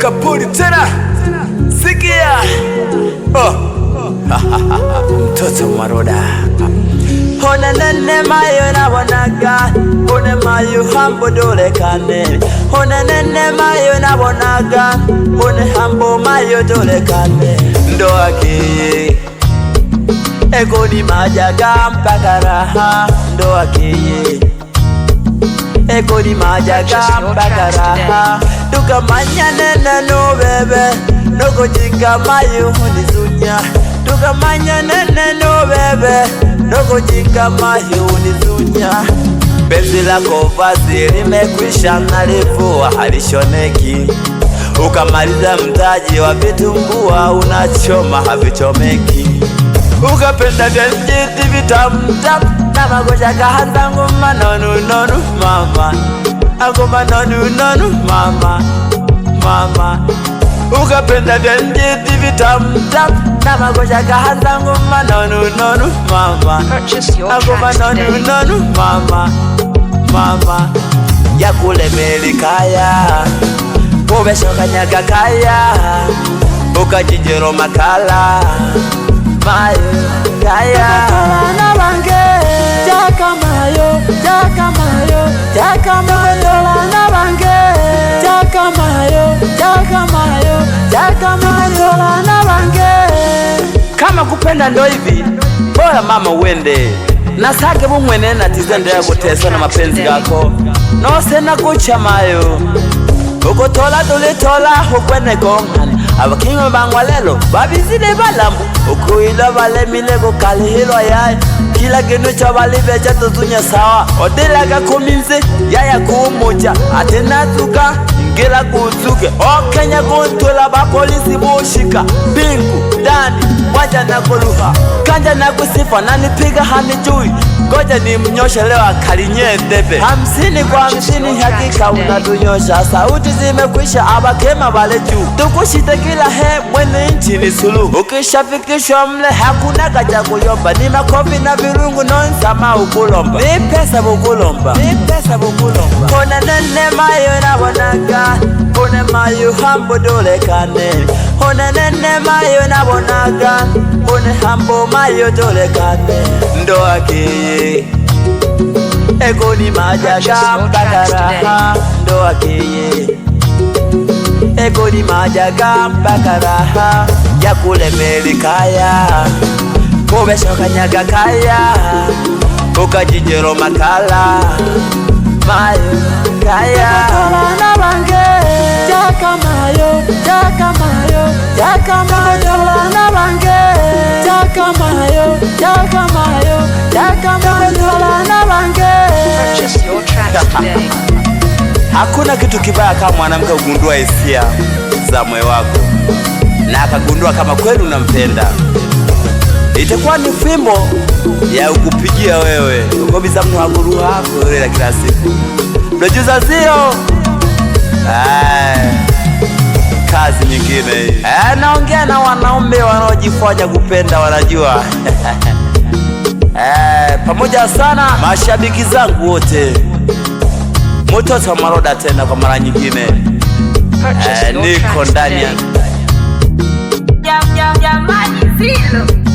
kapuri tena, sikia oh. mtoto maroda hone nene mayo na wonaga hone mayo hambo dolekane hone nene mayo na wonaga hone hambo mayo dolekane ndoake egoni majaga mpaka raha ndoake eko ni nene no bebe noko ekoli majagambagara tukamanyanene nobebe nokojinga mayihunizunya tukamanyanene nobebe nokojinga mayihunizunya penzi lako vazi limekwisha nalivua halishoneki ukamaliza mtaji wa vitumbua unachoma havichomeki ukapenda vya vitamu tamu Nabagusha kahanza ngoma nonu nonu mama Agoma nonu nonu mama Mama Ukapenda vya njiti vitamu tamu Nabagusha kahanza ngoma nonu nonu mama Agoma nonu nonu mama Mama Ya kule melikaya Ubeshoka nyaga kaya Ukajijiro makala Mayo kaya kama kupenda ndo hivi, bora mama uende nasake na natize ndeya guteswa na mapenzi gako nose nakuchamayo ukotola tulitola ukwene kongana abaking'o bang'wa lelo babizile balambu ukuilo balemile gukalihilwa yaye kila kindu cho balibecha tutunye sawa otilaga kuminzi yaya kuumucha ati nathuka gutera guzuge okenya guntula bapolisi bushika mbingu ndani waja na kanja na kusifa nanipiga hanijui Ngoja ni mnyoshe leo akalinye debe hamsini kwa hamsini, hakika unatunyosha. Sauti zimekwisha, abakema bale juu, tukushite kila he mwene nchi ni suluhu. Ukishafikishwa mle hakuna kaja kuyomba, ni makofi na virungu nonsama ukulomba, ni pesa bukulomba, ni pesa bukulomba. Kona nene mayo nabonaga, kone mayo kane, kona nene mayo nabonaga bone hambo mayo tolekat ndo akeye egoni majasha mpakaraha ndo akeye egoni majaga mpakaraha yakulemelikaya kobeshokanyaga kaya kokajijero makala mayo kaya Hakuna kitu kibaya kama mwanamke kugundua hisia za moyo wako na akagundua kama kweli unampenda. Itakuwa ni fimbo ya ukupigia wewe ukobiza mno waguru wako la kila siku dojuza zio kazi nyingine hii. Eh, naongea na wanaume wanaojifanya kupenda wanajua. Eh, pamoja sana mashabiki zangu wote Mototo Maroda tena kwa mara nyingine. Eh, niko ndani ya